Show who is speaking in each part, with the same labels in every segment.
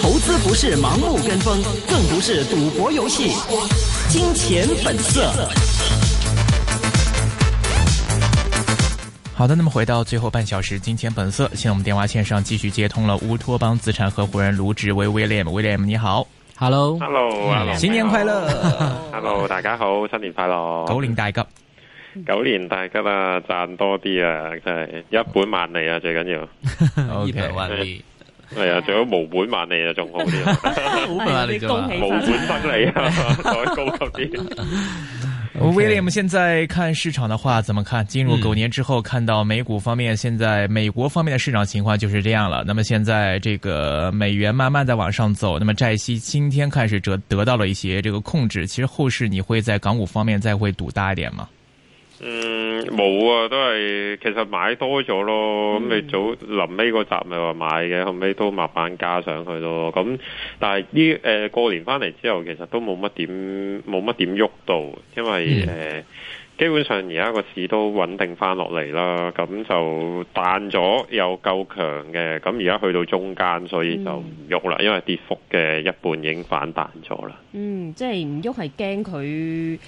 Speaker 1: 投資不是盲目跟風，更不是賭博遊戲。金錢本色。
Speaker 2: 好的，那麼回到最後半小時，金錢本色，現在我們電話綫上繼續接通了烏托邦資產合伙人盧志偉 William，William 你好，Hello，Hello，新年快樂
Speaker 3: ，Hello 大家好，新年快樂，狗年大吉。九年大吉啊，賺多啲啊，真係一本萬利啊，最緊要。一本萬利，係啊，仲有無本萬利啊，仲好啲。啊 無本萬利就無本生利啊，再高級啲。
Speaker 2: William，現在看市場的話，怎麼看？進入狗年之後，看到美股方面，現在美國方面的市場情況就是這樣了。那麼現在這個美元慢慢在往上走，那麼債息今天開始得得到了一些這個控制。其實後市你會在港股方面再會賭大一點嗎？
Speaker 3: 嗯，冇啊，都係其實買多咗咯，咁、嗯、你早臨尾個集咪話買嘅，後尾都慢慢加上去咯，咁但係呢誒過年翻嚟之後，其實都冇乜點冇乜點喐到，因為誒。嗯呃基本上而家個市都穩定翻落嚟啦，咁就彈咗有夠強嘅，咁而家去到中間，所以就唔喐啦，因為跌幅嘅一半已經反彈咗啦。嗯，
Speaker 1: 即係唔喐係驚佢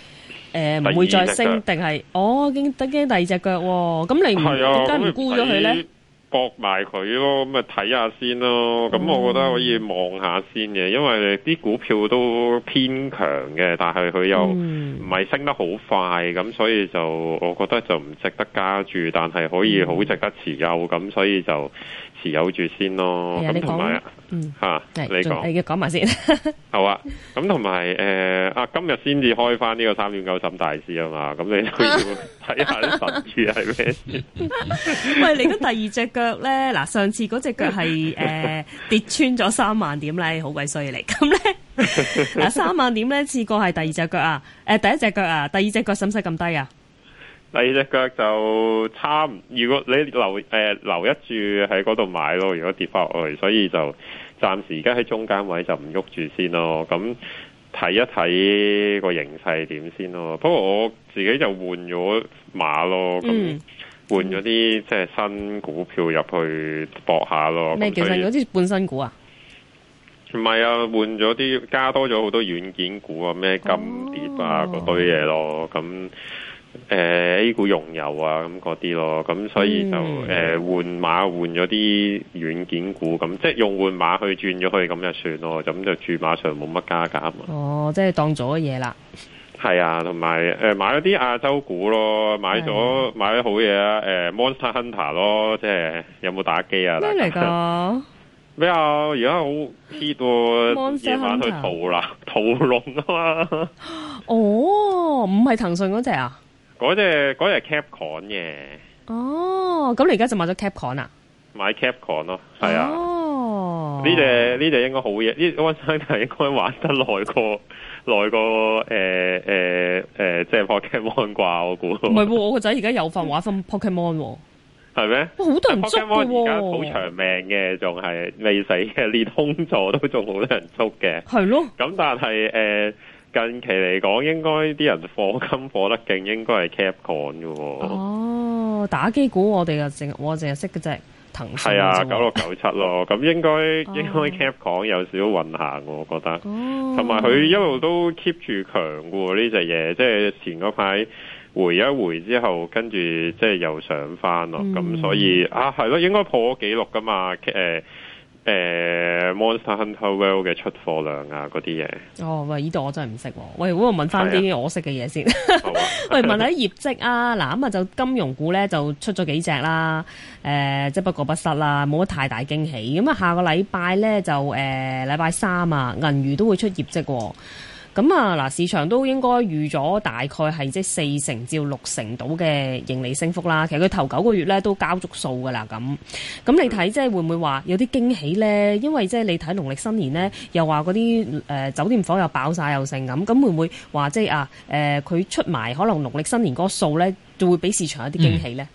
Speaker 1: 誒唔會再升，定係哦驚得驚第二隻腳喎？咁你唔點解唔沽咗佢咧？
Speaker 3: 博埋佢咯，咁咪睇下先咯。咁我覺得可以望下先嘅，因為啲股票都偏強嘅，但係佢又唔係升得好快，咁所以就我覺得就唔值得加注，但係可以好值得持有，咁所以就。 持有住先咯，咁同埋，嗯，吓、啊，你講還，係
Speaker 1: 要講埋先，
Speaker 3: 好啊，咁同埋，誒、呃，啊，今日先至開翻呢個三點九審大師啊嘛，咁你都要睇下啲文字係咩
Speaker 1: 事？喂，你嘅第二隻腳咧，嗱，上次嗰隻腳係誒跌穿咗 三萬點咧，好鬼衰嚟，咁咧，嗱，三萬點咧，試過係第二隻腳啊，誒、呃，第一隻腳啊，第二隻腳審勢咁低啊？
Speaker 3: 第二隻腳就差，唔多，如果你留誒、呃、留一注喺嗰度買咯，如果跌翻落去，所以就暫時而家喺中間位就唔喐住先咯。咁睇一睇個形勢點先咯。不過我自己就換咗馬咯，咁換咗啲即係新股票入去搏下咯。咩？其實有啲半新股啊？唔係啊，換咗啲加多咗好多軟件股啊，咩金蝶啊，嗰、哦、堆嘢咯，咁。誒、呃、A 股融油啊，咁嗰啲咯，咁所以就誒換、嗯呃、馬換咗啲軟件股，咁即係用換馬去轉咗，可以咁就算咯，咁就注碼上冇乜加減啊。
Speaker 1: 哦，即係當咗嘢啦。
Speaker 3: 係啊，同埋誒買咗啲亞洲股咯，買咗買咗好嘢啊，誒、呃、Monster Hunter 咯，即係有冇打機啊大家？咩嚟噶？咩啊？ 而家好 hit 夜晚去屠啦屠龍啊嘛？
Speaker 1: 哦，唔係騰訊嗰隻啊？
Speaker 3: 嗰隻嗰隻 Capcom 嘅，哦，
Speaker 1: 咁你而家就買咗 Capcom 啊？
Speaker 3: 買 Capcom 咯，係啊、
Speaker 1: 哦。呢隻
Speaker 3: 呢隻應該好嘢，呢温生就應該玩得耐過，耐過誒誒誒，即係 Pokemon、ok、啩？我估唔係
Speaker 1: 喎，我個仔而家有份玩份 Pokemon 喎，係 咩嗎？好多人捉嘅。Pokemon 而家好
Speaker 3: 長命嘅，仲係未死嘅，連通座都仲好多人捉嘅。係咯。咁但係誒。呃近期嚟講，應該啲人放金放得勁，應該係 cap 控嘅，哦。哦，
Speaker 1: 打機股我哋又淨，我淨係識嗰隻騰訊。係啊，
Speaker 3: 九六九七咯，咁應該，哦，應該 cap 控有少少運行，我覺得。同埋佢一路都 keep 住強嘅呢隻嘢，即係前嗰排回一回之後，跟住即係又上翻咯。咁，嗯，所以啊，係咯，應該破紀錄噶嘛，誒，呃。誒、欸、Monster Hunter World 嘅出貨量啊，嗰啲嘢
Speaker 1: 哦，喂，呢度我真係唔識喎，喂，我問翻啲我識嘅嘢先，喂，問下業績啊，嗱，咁啊就金融股咧就出咗幾隻啦，誒、呃，即、就、係、是、不降不失啦，冇乜太大驚喜，咁、嗯、啊下個禮拜咧就誒禮拜三啊，銀娛都會出業績、啊。咁啊，嗱，市場都應該預咗大概係即係四成至六成到嘅盈利升幅啦。其實佢頭九個月咧都交足數噶啦，咁咁你睇即係會唔會話有啲驚喜咧？因為即係你睇農曆新年咧，又話嗰啲誒酒店房又爆晒又剩咁，咁會唔會話即係啊誒佢、呃、出埋可能農曆新年嗰個數咧，就會俾市場有啲驚喜咧？嗯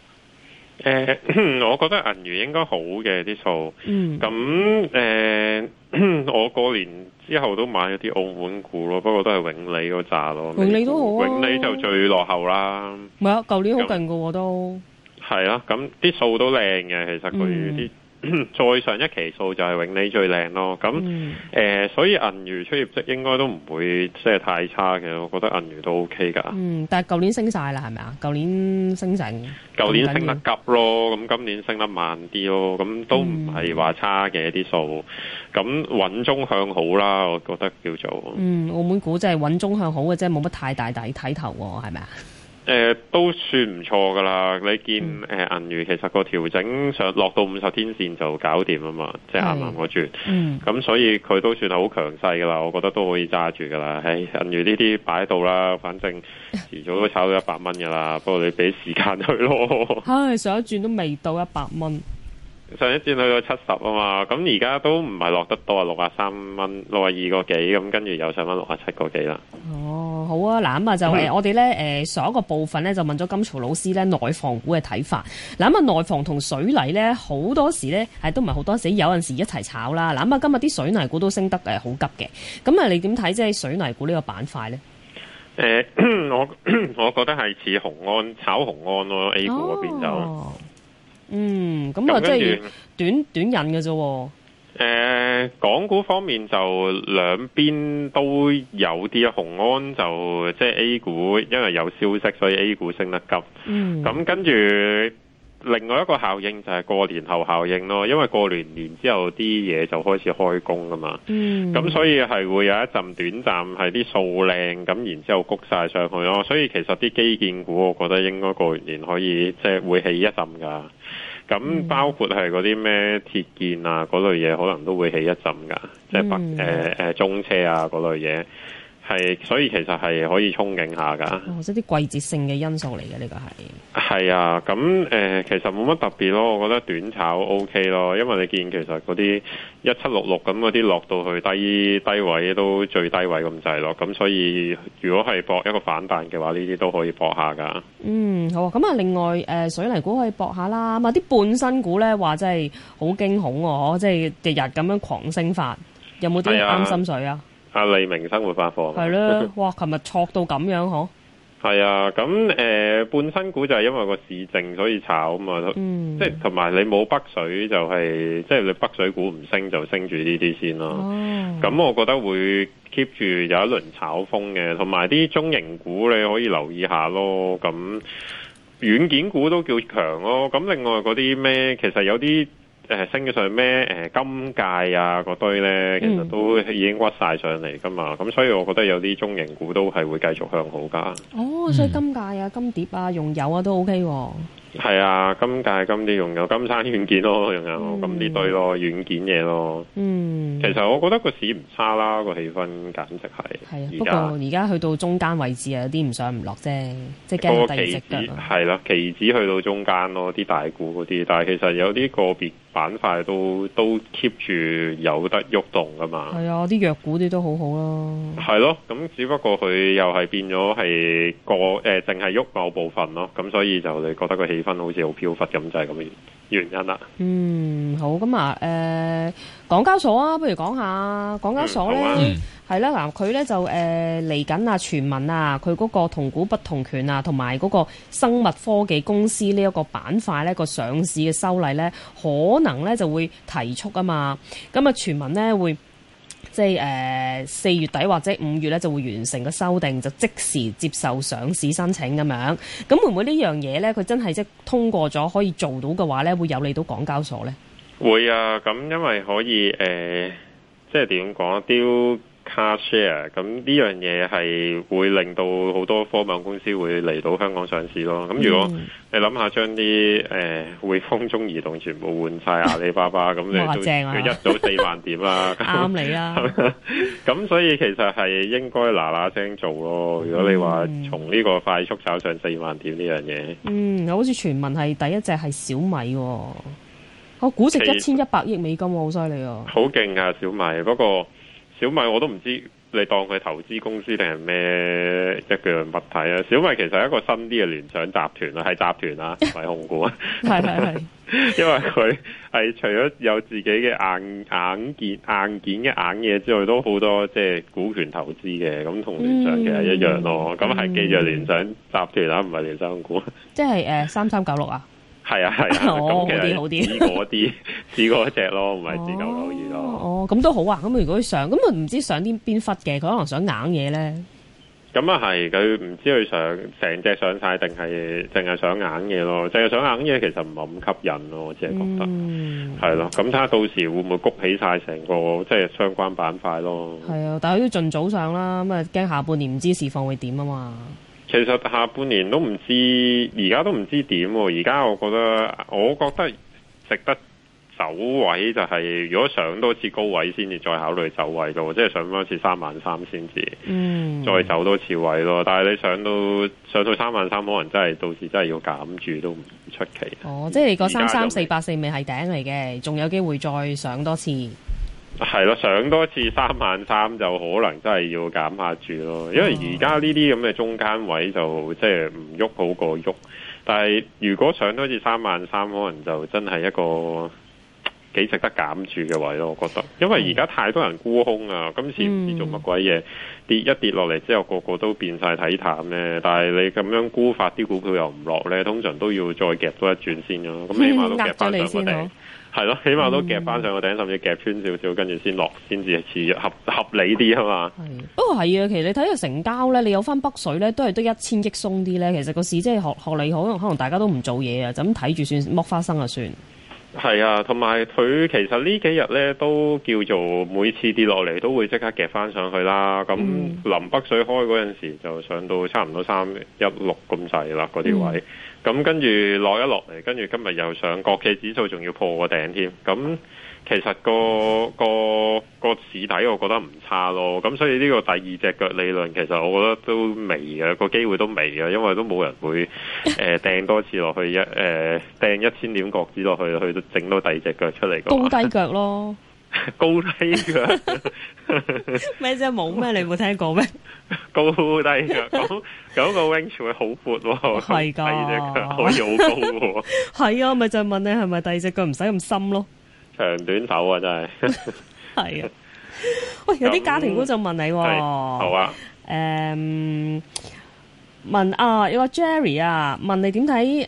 Speaker 3: 誒，uh, 我覺得銀娛應該好嘅啲數，咁誒、嗯 uh, 我過年之後都買咗啲澳門股咯，不過都係永利嗰扎咯，永利都好、啊、永利就最落後啦。
Speaker 1: 唔係啊，舊年好勁噶都。
Speaker 3: 係那、嗯、啊，咁啲數都靚嘅，其實佢啲。嗯再上一期數就係永利最靚咯，咁誒、嗯呃，所以銀娛出業績應該都唔會即係太差嘅，我覺得銀娛都 O K 噶。嗯，
Speaker 1: 但係舊年升晒啦，係咪啊？舊年升整，舊年升得
Speaker 3: 急咯，咁、嗯、今年升得慢啲咯，咁都唔係話差嘅啲數，咁、嗯、穩中向好啦，我覺得叫做。
Speaker 1: 嗯，澳門股真係穩中向好嘅啫，冇乜太大大睇頭喎，係咪啊？
Speaker 3: 誒、呃，都算唔錯噶啦，你見誒，銀娛其實個調整上落到五十天綫就搞掂啊嘛，即係啱啱個轉，咁的、嗯嗯、所以佢都算係好強勢噶啦，我覺得都可以揸住噶啦，誒，銀娛呢啲擺喺度啦，反正遲早都炒到一百蚊噶啦， 不過你俾時間去咯，
Speaker 1: 唉上一轉都未到一百蚊。
Speaker 3: 上一戰去到七十啊嘛，咁而家都唔係落得多啊，六啊三蚊，六啊二個幾，咁跟住又上翻六啊七個幾啦。哦，
Speaker 1: 好啊，嗱咁啊就係、是、嗎我哋咧，誒上一個部分咧就問咗金曹老師咧內房股嘅睇法。嗱咁啊，內房同水泥咧好多時咧係都唔係好多時有陣時一齊炒啦。嗱咁啊，今日啲水泥股都升得誒好急嘅，咁啊你點睇即係水泥股呢個板塊咧？
Speaker 3: 誒、呃，我我覺得係似紅安炒紅安咯，A 股嗰邊就是。哦
Speaker 1: 嗯，咁啊，即係短短引嘅啫。
Speaker 3: 誒，港股方面就兩邊都有啲咯，紅安就即係 A 股，因為有消息，所以 A 股升得急。
Speaker 2: 嗯，咁
Speaker 3: 跟住。另外一個效應就係過年後效應咯，因為過年年之後啲嘢就開始開工噶嘛，咁、嗯、所以係會有一陣短暫係啲數靚，咁然之後谷晒上去咯。所以其實啲基建股，我覺得應該過完年可以即係、就是、會起一陣噶。咁包括係嗰啲咩鐵建啊嗰類嘢，可能都會起一陣噶，嗯、即係北誒誒中車啊嗰類嘢。係，所以其實係可以憧憬下噶。
Speaker 1: 或者啲季節性嘅因素嚟嘅，呢、這個係。
Speaker 3: 係啊，咁誒、呃，其實冇乜特別咯。我覺得短炒 OK 咯，因為你見其實嗰啲一七六六咁嗰啲落到去低低位都最低位咁滯咯。咁所以如果係搏一個反彈嘅話，呢啲都可以搏下噶。
Speaker 1: 嗯，好。咁啊，另外誒、呃，水泥股可以搏下啦。啊，啲半新股咧，話即係好驚恐哦，即係日日咁樣狂升法。有冇啲啱心水啊？
Speaker 3: 阿利明生活百貨係咯，的
Speaker 1: 哇！琴日挫到咁樣嗬？
Speaker 3: 係啊， 咁誒、呃，半新股就係因為個市淨所以炒嘛，嗯、即係同埋你冇北水就係、是，即係你北水股唔升就升住呢啲先咯。咁、哦、我覺得會 keep 住有一輪炒風嘅，同埋啲中型股你可以留意下咯。咁軟件股都叫強咯。咁另外嗰啲咩，其實有啲。誒、呃，升嘅上咩？誒、呃，金界啊，嗰、那個、堆咧，其實都已經屈晒上嚟噶嘛。咁所以我覺得有啲中型股都係會繼續向好噶。哦、
Speaker 1: 啊，所以金界啊、金蝶啊、用友啊都 OK 喎。
Speaker 3: 係啊，金界、啊、金蝶、用友、金山軟件咯，用友金啲堆咯，軟件嘢咯。嗯，其實我覺得個市唔差啦，個氣氛簡直係。係啊，在不過
Speaker 1: 而家去到中間位置不不啊，有啲唔上唔落啫，即係驚第二隻跌。係
Speaker 3: 啦，期指去到中間咯，啲大股嗰啲，但係其實有啲個別板塊都都 keep 住有得喐動㗎嘛，係
Speaker 1: 啊，啲弱股啲都好好咯。
Speaker 3: 係咯，咁只不過佢又係變咗係個誒，淨係喐某部分咯，咁所以就你覺得個氣氛好似好飄忽咁，就係咁嘅。
Speaker 1: 原因啦，嗯，好咁啊，誒、呃、港交所啊，不如講下港交所咧，係啦、嗯，嗱佢咧就誒嚟緊啊傳聞啊，佢嗰個同股不同權啊，同埋嗰個生物科技公司呢、啊、一個板塊咧個上市嘅修例咧，可能咧就會提速啊嘛，咁啊傳聞咧會。即係誒四月底或者五月咧就會完成個修訂，就即時接受上市申請咁樣。咁會唔會呢樣嘢咧？佢真係即通過咗可以做到嘅話咧，會有利到港交所咧？
Speaker 3: 會啊！咁因為可以誒、呃，即係點講啊？丟。卡 share 咁呢樣嘢係會令到好多科網公司會嚟到香港上市咯。咁如果你諗下將啲誒會風中移動全部換晒阿里巴巴咁， 哇 你正啊，佢一早四萬點啦。啱你啦。咁、 嗯、所以其實係應該嗱嗱聲做咯。如果你話從呢個快速炒上四萬點呢樣嘢，
Speaker 1: 嗯，好似傳聞係第一隻係小米，我、哦、估值一千一百億美金，我好犀利啊，
Speaker 3: 好勁啊小米，不過。小米我都唔知你當佢投資公司定係咩一樣物體啊？小米其實係一個新啲嘅聯想集團啊，係集團啊，唔係控股啊。係
Speaker 2: 係
Speaker 3: 係，因為佢係除咗有自己嘅硬硬件硬件嘅硬嘢之外，都好多即係股權投資嘅，咁同聯想其實一樣咯。咁係、嗯、記住聯想集團、uh, 啊，唔係聯想控股。
Speaker 1: 即係誒，三三九六啊。
Speaker 3: 係啊係啊，咁啲好啲，試嗰啲試嗰隻咯，唔係隻狗
Speaker 1: 狗魚咯。哦，咁都好啊。咁如果佢上，咁啊唔知上啲邊忽嘅，佢可能想硬嘢咧。
Speaker 3: 咁啊係，佢唔知佢上成隻，隻上晒定係淨係想硬嘢咯？淨係想硬嘢，其實唔係咁吸引咯，我只係覺得係咯。咁睇下到時會唔會谷起晒成個即係相關板塊咯。
Speaker 1: 係啊、嗯，但係要盡早上啦。咁啊，驚下半年唔知市況會點啊嘛。
Speaker 3: 其實下半年都唔知，而家都唔知點。而家我覺得，我覺得值得走位就係，如果上多次高位先至再考慮走位咯，即係上多次三萬三先至。嗯，再走多次位咯。但係你上到上到三萬三，可能真係到時真係要減住都唔出奇。
Speaker 1: 哦，即係你個三三四八四未係頂嚟嘅，仲有機會再上多次。
Speaker 3: 係咯，上多一次三萬三就可能真係要減下住咯，因為而家呢啲咁嘅中間位就即係唔喐好過喐，但係如果上多一次三萬三，可能就真係一個幾值得減住嘅位咯，我覺得。因為而家太多人沽空啊，嗯、今次唔知做乜鬼嘢跌一跌落嚟之後，個個都變晒睇淡咧。但係你咁樣沽法啲股票又唔落咧，通常都要再夾多一轉先咯。咁起碼都夾過嚟先咯。係咯，起碼都夾翻上個頂，甚至夾穿少少，跟住先落，先至似合合理啲啊嘛。
Speaker 1: 不過係啊，其實你睇下成交咧，你有翻北水咧，都係得一千億鬆啲咧。其實個市即係學學嚟，可能可能大家都唔做嘢啊，就咁睇住算剝花生啊，算。
Speaker 3: 係啊，同埋佢其實幾呢幾日呢都叫做每次跌落嚟都會即刻夾翻上去啦。咁、嗯、臨北水開嗰陣時就上到差唔多三一六咁滯啦，嗰啲位。咁、嗯、跟住落一落嚟，跟住今日又上國企指數，仲要破個頂添。咁。其實個個個市底我覺得唔差咯，咁所以呢個第二隻腳理論，其實我覺得都微嘅，個機會都微嘅，因為都冇人會誒掟、呃、多次落去一誒掟一千點國指落去去整到第二隻腳出嚟。高低
Speaker 1: 腳咯，
Speaker 3: 高低腳
Speaker 1: 咩啫？冇咩？ 你冇聽過咩？
Speaker 3: 高低腳九個 range 會好闊，係噶、啊，第二隻腳可以好高喎。
Speaker 1: 係啊， 咪就問你係咪第二隻腳唔使咁深咯？
Speaker 3: 長短手啊，真係
Speaker 1: 係 啊！喂，有啲家庭觀眾問你、啊嗯，好啊，誒、嗯，問啊，有個 Jerry 啊，問你點睇誒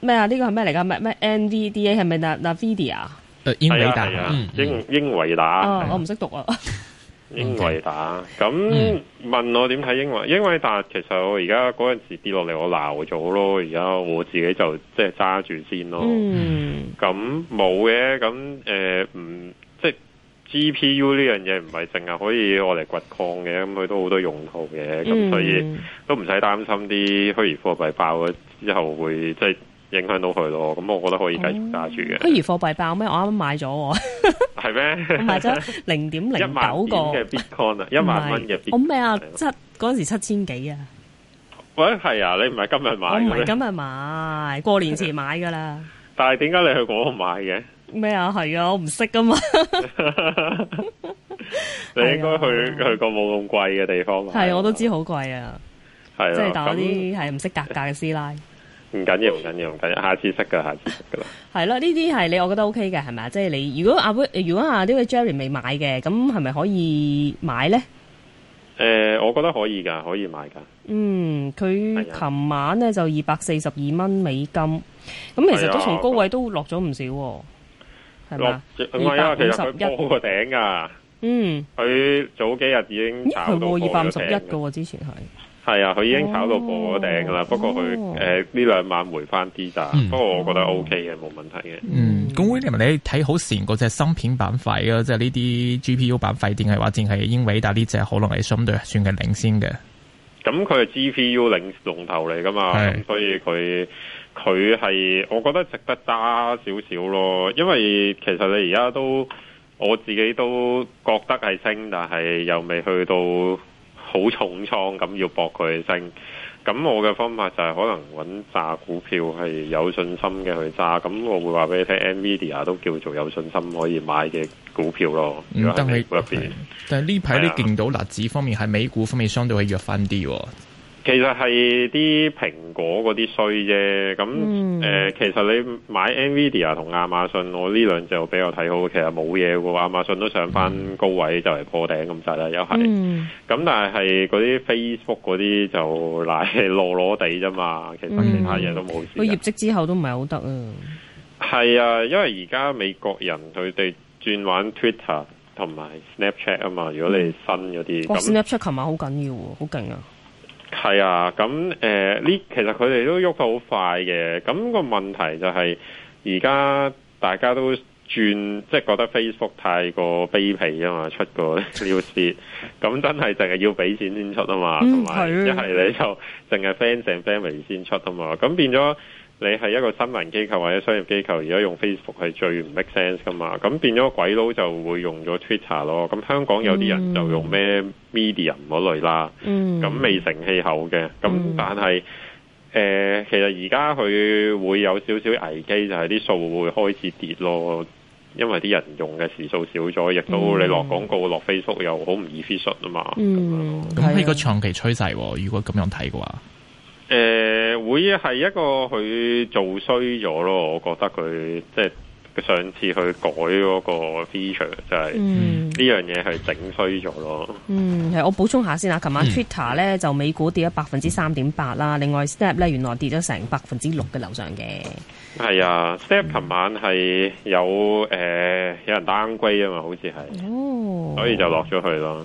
Speaker 1: 咩啊？呢個係咩嚟噶？咩咩 NVDA 係咪 NVIDIA？
Speaker 3: 誒，
Speaker 2: 英偉達、嗯嗯、啊，
Speaker 3: 英英偉達我
Speaker 1: 唔識讀啊。
Speaker 3: 英偉達，咁問我點睇英偉達？英偉達其實我而家嗰陣時跌落嚟，我鬧咗咯。而家我自己就即係揸住先咯。咁冇嘅，咁誒，唔、呃、即係 G P U 呢樣嘢唔係淨係可以攞嚟掘礦嘅，咁佢都好多用途嘅。咁、嗯、所以都唔使擔心啲虛擬貨幣爆咗之後會即係。影響到佢咯，咁我覺得可以繼續揸住嘅。不、啊、
Speaker 1: 如貨幣爆咩？我啱啱買咗，
Speaker 3: 係 咩是嗎？ 買咗
Speaker 1: 零點零九個一萬蚊嘅
Speaker 3: bitcoin，啊，一萬蚊嘅我咩
Speaker 1: 啊？七嗰陣時七千幾啊？
Speaker 3: 喂，係啊，你唔係今日買咩？今
Speaker 1: 日、oh、買過年前買噶啦。
Speaker 3: 但係點解你去嗰度買嘅？
Speaker 1: 咩啊？係啊，我唔識噶嘛。
Speaker 3: 你應該去、哎、呀去個冇咁貴嘅地方。係、啊，我
Speaker 1: 都知好貴啊。係、
Speaker 3: 就、啊、是，即係打啲
Speaker 1: 係唔識格價嘅師奶。
Speaker 3: 唔緊要，唔緊要，唔緊要，下次識噶，下
Speaker 1: 次識噶。係咯， 呢啲係你，我覺得 O K 嘅，係咪啊？即係你，如果阿如果阿呢位 Jerry 未買嘅，咁係咪可以買咧？
Speaker 3: 誒、呃，我覺得可以噶，可以買噶。
Speaker 1: 嗯，佢琴晚咧就二百四十二蚊美金，咁的其實都從高位都落咗唔少、啊，係嘛下？二百五十一，破個頂噶。嗯，
Speaker 3: 佢早幾日已經佢唔二百五十一噶
Speaker 1: 喎，嗯、之前係。
Speaker 3: 係啊，佢已經炒到破頂噶啦，哦、不過佢誒呢兩晚回翻啲咋，嗯、不過我覺得 O K 嘅，
Speaker 2: 冇問題嘅。嗯，咁 William 你睇好成嗰隻芯片板塊啊？即係呢啲 G P U 板塊，定係話淨係英偉達呢隻，可能係相對算係領先嘅。
Speaker 3: 咁佢係 G P U 領龍頭嚟噶嘛的、嗯？所以佢佢係我覺得值得揸少少咯。因為其實你而家都我自己都覺得係升，但係又未去到。好重倉咁要搏佢升，咁我嘅方法就係可能搵炸股票係有信心嘅去炸，咁我會話俾你聽，Nvidia 都叫做有信心可以買嘅股票咯。
Speaker 2: 嗯，但係但係呢排你見到辣子方面喺美股方面相對會弱翻啲喎。
Speaker 3: 其實係啲蘋果嗰啲衰啫，咁誒、嗯呃，其實你買 Nvidia 同亞馬遜，我呢兩隻比較睇好，其實冇嘢噶，亞馬遜都上翻高位，嗯、就嚟破頂咁滯啦，又係，咁但係係嗰啲 Facebook 嗰啲就賴落落地啫嘛，其實其他嘢都冇事。
Speaker 1: 佢、嗯、業績之後都唔係好得啊。
Speaker 3: 係啊，因為而家美國人佢哋轉玩 Twitter 同埋 Snapchat 啊嘛，如果你新嗰啲
Speaker 1: ，Snapchat、嗯哦、琴晚好緊要，好勁啊！
Speaker 3: 係啊，咁誒，呢、呃、其實佢哋都喐得好快嘅，咁、個問題就係而家大家都轉，即係覺得 Facebook 太過卑鄙啊嘛，出個 news，咁真係淨係要俾錢先出啊嘛，同埋一係你就淨係 friend 成 family 先出啊嘛，咁變咗。你係一個新聞機構或者商業機構，而家用 Facebook 係最唔 make sense 噶嘛？咁變咗鬼佬就會用咗 Twitter 咯。咁香港有啲人就用咩 Medium 嗰類啦。嗯。咁未成氣候嘅，咁但係誒、呃，其實而家佢會有少少危機，就係、是、啲數會開始跌咯，因為啲人用嘅時數少咗，亦都你落廣告落 Facebook 又好唔易 efficient 啊嘛。嗯。
Speaker 2: 咁係、嗯嗯、個長期趨勢喎，如果咁樣睇嘅話。
Speaker 3: 誒、呃，會係一個佢做衰咗咯，我覺得佢即係上次佢改嗰個 feature 就係呢、嗯、樣嘢係整衰咗咯。嗯，
Speaker 1: 係我補充下先啊，琴晚 Twitter 咧，就美股跌咗百分之三點八啦，嗯、另外 Step 咧原來跌咗成百分之六嘅樓上嘅。
Speaker 3: 係啊、Step、Step 琴晚係有誒、呃、有人 downgrade 啊嘛，好似係，哦、所以就落咗去咯。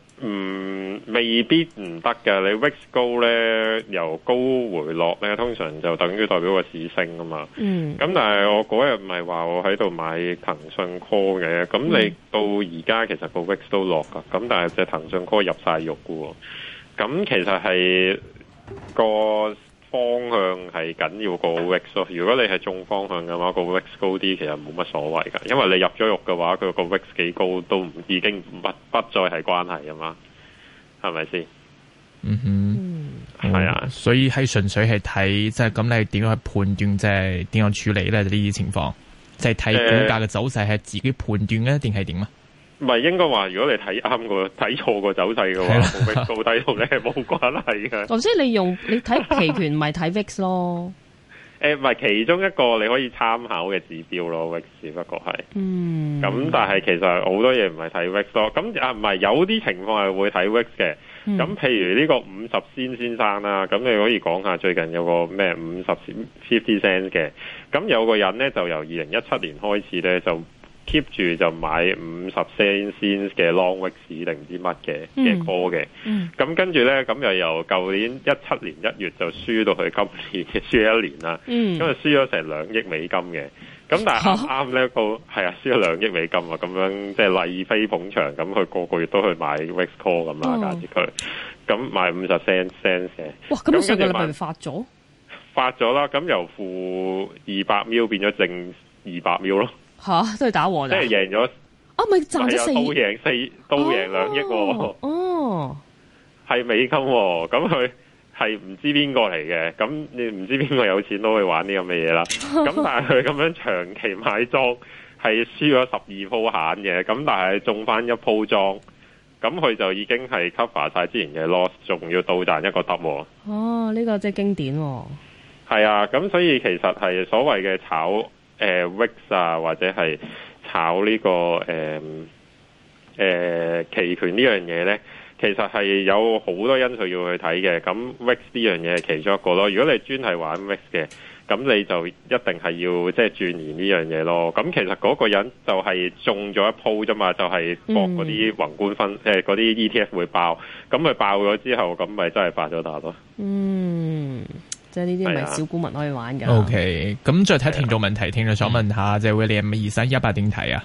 Speaker 3: 唔、嗯、未必唔得嘅，你 VIX 高咧由高回落咧，通常就等於代表個市升啊嘛。嗯。咁但係我嗰日唔係話我喺度買騰訊 call 嘅，咁你到而家其實個 VIX 都落噶，咁但係隻騰訊 call 入晒肉噶。咁其實係個。方向係緊要個 VIX 咯，如果你係中方向嘅話，個 VIX 高啲其實冇乜所謂噶，因為你入咗肉嘅話，佢、那個 VIX 幾高都已經不不再係關係啊嘛，係咪先？
Speaker 2: 嗯哼，係、嗯、啊，所以係純粹係睇，即係咁你點樣去判斷，即係點樣處理咧？呢啲情況，即係睇股價嘅走勢係自己判斷嘅，定係點啊？
Speaker 3: 唔係應該話，如果你睇啱個睇錯個走勢嘅話， 到底同你係冇關係嘅。頭先
Speaker 1: 你用你睇期權，咪睇 VIX 咯？
Speaker 3: 誒，唔係其中一個你可以參考嘅指標咯，VIX 不過係。嗯。咁但係其實好多嘢唔係睇 VIX 咯。咁啊唔係有啲情況係會睇 VIX 嘅。咁、嗯、譬如呢個五十仙先生啦，咁你可以講下最近有個咩五十 cent fifty cents 嘅。咁有個人咧就由二零一七年開始咧就。keep 住就買五十 cents 嘅 long w e x k 市定啲乜嘅嘅波嘅，咁、嗯嗯、跟住咧咁又由舊年一七年一月就輸到去今年嘅輸一年啦，咁啊輸咗成兩億美金嘅，咁但係啱咧個係啊輸咗兩億美金啊，咁樣即係麗飛捧場，咁佢個個月都去買 w e x call 咁啊，假住佢，咁買五十 cents c 嘅，
Speaker 1: 哇！咁、嗯、上日咪發咗，
Speaker 3: 發咗啦，咁由負二百秒變咗正二百秒咯。
Speaker 1: 吓，都係打和，即係贏咗啊！咪賺咗四，都
Speaker 3: 贏四，都贏兩億哦。係、oh, oh,
Speaker 1: oh.
Speaker 3: 美金、哦，咁佢係唔知邊個嚟嘅，咁你唔知邊個有錢都會玩呢咁嘅嘢啦。咁 但係佢咁樣長期買莊，係輸咗十二鋪閒嘅，咁但係中翻一鋪莊，咁佢就已經係 cover 晒之前嘅 loss，仲要到賺一個得。哦，
Speaker 1: 呢、oh, 個即係經典、哦。
Speaker 3: 係啊，咁所以其實係所謂嘅炒。誒、呃、VIX 啊，或者係炒呢、這個誒誒、呃呃、期權呢樣嘢咧，其實係有好多因素要去睇嘅。咁 VIX 呢樣嘢係其中一個咯。如果你專係玩 VIX 嘅，咁你就一定係要即係鑽研呢樣嘢咯。咁其實嗰個人就係中咗一鋪啫嘛，就係博嗰啲宏觀分，即係嗰啲 ETF 會爆。咁佢爆咗之後，咁咪真係發咗達咯。嗯。
Speaker 1: 即係呢啲唔係小股民可以玩噶。OK，
Speaker 2: 咁再睇聽眾問題，聽眾想問下，即係喂，你係咪二三一八點睇啊？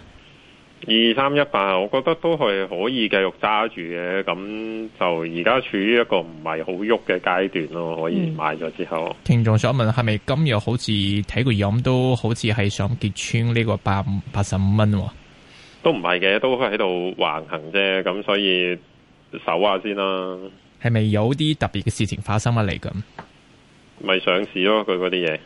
Speaker 3: 二三一八，我覺得都係可以繼續揸住嘅。咁就而家處於一個唔係好喐嘅階段咯，可以買咗之後。嗯、
Speaker 2: 聽眾想問係咪今日好似睇個樣都好似係想結穿呢個八八十五蚊？
Speaker 3: 都唔係嘅，都喺度橫行啫。咁所以搜下先啦。
Speaker 2: 係咪有啲特別嘅事情發生啊？嚟咁？
Speaker 3: 咪上市咯，佢嗰啲嘢，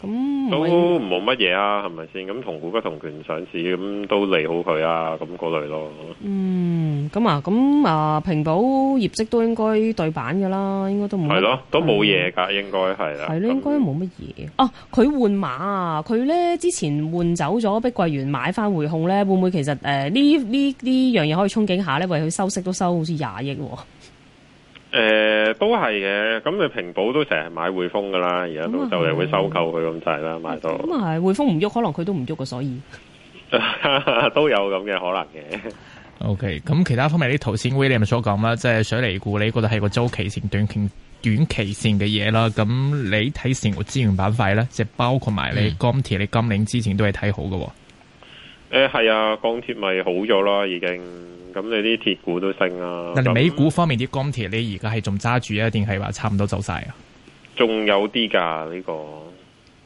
Speaker 3: 都
Speaker 1: 冇乜
Speaker 3: 嘢啊，係咪先？咁同股不同權上市，咁都利好佢啊，咁嗰類咯。嗯，
Speaker 1: 咁啊，咁啊，平保業績都應該對版噶啦，應該都冇係咯，都冇嘢噶，
Speaker 3: 應該係啦。係咧，
Speaker 1: 應該冇乜嘢。哦，佢換馬啊，佢咧之前換走咗碧桂園，買翻匯控咧，會唔會其實誒呢呢呢樣嘢可以憧憬下咧？為佢收息都收好似廿億喎。
Speaker 3: 誒、呃，都係嘅，咁、嗯、你平保都成日買匯豐噶啦，而家都就嚟會收購佢咁滯
Speaker 1: 啦，嗯、
Speaker 2: 買
Speaker 3: 到
Speaker 1: 咁啊係匯豐唔喐，可能佢都唔喐嘅，所以
Speaker 3: 都有咁嘅可能
Speaker 2: 嘅。O K，咁其他方面啲頭先 William 所講啦，即係水泥股，你覺得係個周期性、短期短期性嘅嘢啦。咁你睇成個資源板塊咧，即係包括埋你鋼鐵、你今年之前都係睇好嘅。嗯
Speaker 3: 誒，係、欸、啊，鋼鐵咪好咗啦，已經，咁你啲鐵股都升啦。嗱，你美股
Speaker 2: 方面啲鋼鐵，你而家係仲揸住啊，定係話差唔多走晒啊？
Speaker 3: 仲有啲噶呢個。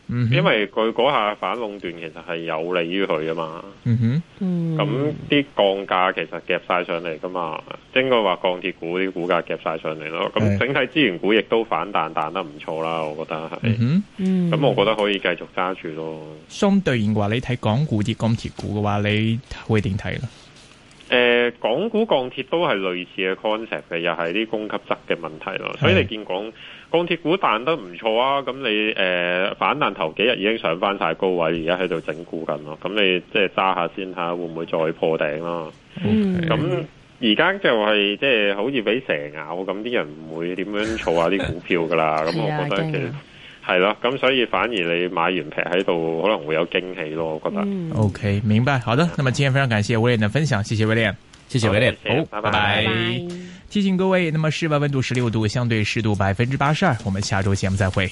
Speaker 3: 嗯，因為佢嗰下反壟斷其實係有利於佢噶嘛。
Speaker 2: 嗯哼，
Speaker 3: 咁啲降價其實夾晒、嗯、哼上嚟噶嘛，應該話鋼鐵股啲股價夾晒上嚟咯。咁整體資源股亦都反彈彈得唔錯啦，我覺得係。嗯
Speaker 2: 哼，咁我覺
Speaker 3: 得可以繼續揸住咯。嗯嗯、
Speaker 2: 相對應話，你睇港股啲鋼鐵股嘅話，你會點睇咧？
Speaker 3: 誒、呃，港股鋼鐵都係類似嘅 concept 嘅，又係啲供給側嘅問題咯。的所以你見港鋼鐵股彈得唔錯啊？咁你誒、呃、反彈頭幾日已經上翻晒高位，而家喺度整固緊咯。咁你即係揸下先，睇下會唔會再破頂咯、啊？嗯 Okay.、就是。咁而家就係即係好似俾蛇咬，咁啲人唔會點樣儲下啲股票㗎喇？咁 我覺得其實。係咯，咁所以反而你買完皮喺度，可能會有驚喜咯。我覺得。嗯，OK，
Speaker 2: 明白，好的。那麼今天非常感謝威廉的分享，謝謝威廉，謝謝威廉，好，拜拜。提醒各位，那麼室外温度十六度，相對濕度百分之八十二。我們下周節目再會。